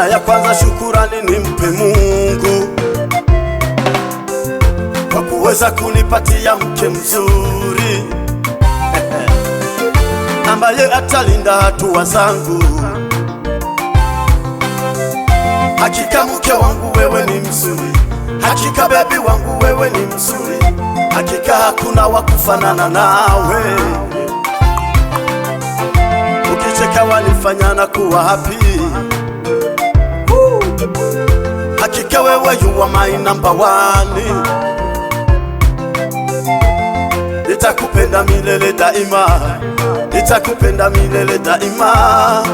Mara ya kwanza shukurani nimpe Mungu kwa kuweza kunipatia mke mzuri ambaye atalinda hatua zangu. Hakika mke wangu wewe ni mzuri, hakika bebi wangu wewe ni mzuri, hakika hakuna wa kufanana nawe. Ukicheka walifanyana kuwa hapi Baba, you are my number one. Nitakupenda milele daima, nitakupenda milele daima.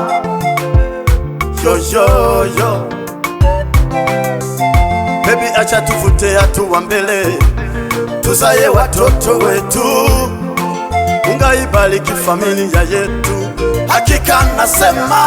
Yo, yo, yo. Baby, acha tuvute hatua mbele, tuzaye watoto wetu, Mungu aibariki familia yetu. Hakika nasema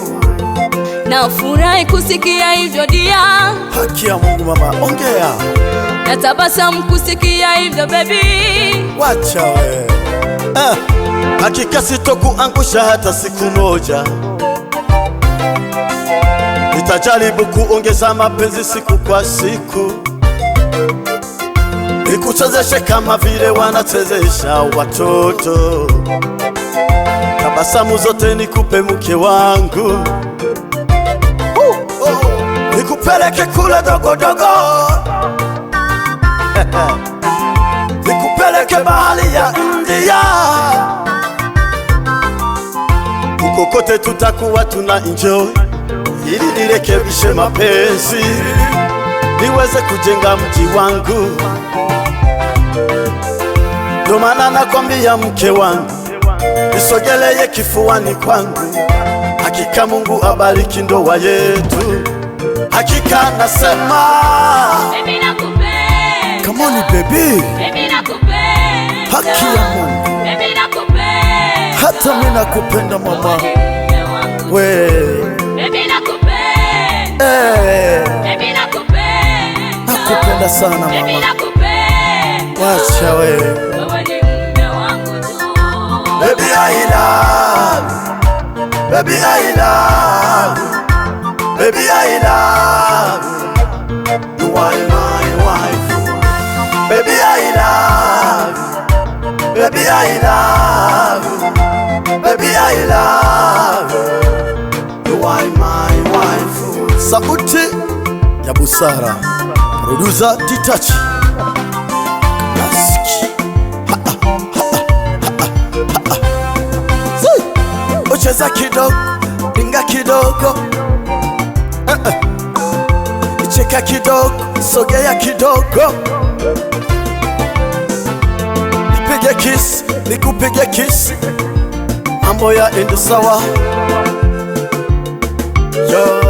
na ufurahi kusikia hivyo dia. Haki ya Mungu mama, ongea. Na tabasamu kusikia hivyo baby. Wacha we. Ah, eh, hakika sitokuangusha hata siku moja. Nitajaribu kuongeza mapenzi siku kwa siku, nikuchezeshe kama vile wanachezesha watoto. Tabasamu zote nikupe mke wangu nikupeleke kule dogodogo, nikupeleke bahari ya India, ukokote tutakuwa tuna enjoy, ili nirekebishe mapenzi niweze kujenga mji wangu. Ndo maana nakwambia mke wangu nisogeleye kifuani kwangu, hakika Mungu abariki ndoa yetu. Hakika nasema baby nakupenda, come on baby, baby nakupenda, haki ya Mungu baby nakupenda, hata mimi nakupenda mama we baby nakupenda, eh baby nakupenda, nakupenda sana mama, wacha we. baby I love, baby I love, baby I love Baby, I love Baby, I love you. are my wife. Sauti ya busara. Producer Detach. Ucheza kidogo, pinga kidogo. Uh Cheka kidogo, sogea kidogo. a kiss, n i k u p i g a kiss. I'm boy in the sour. Yo.、Yeah.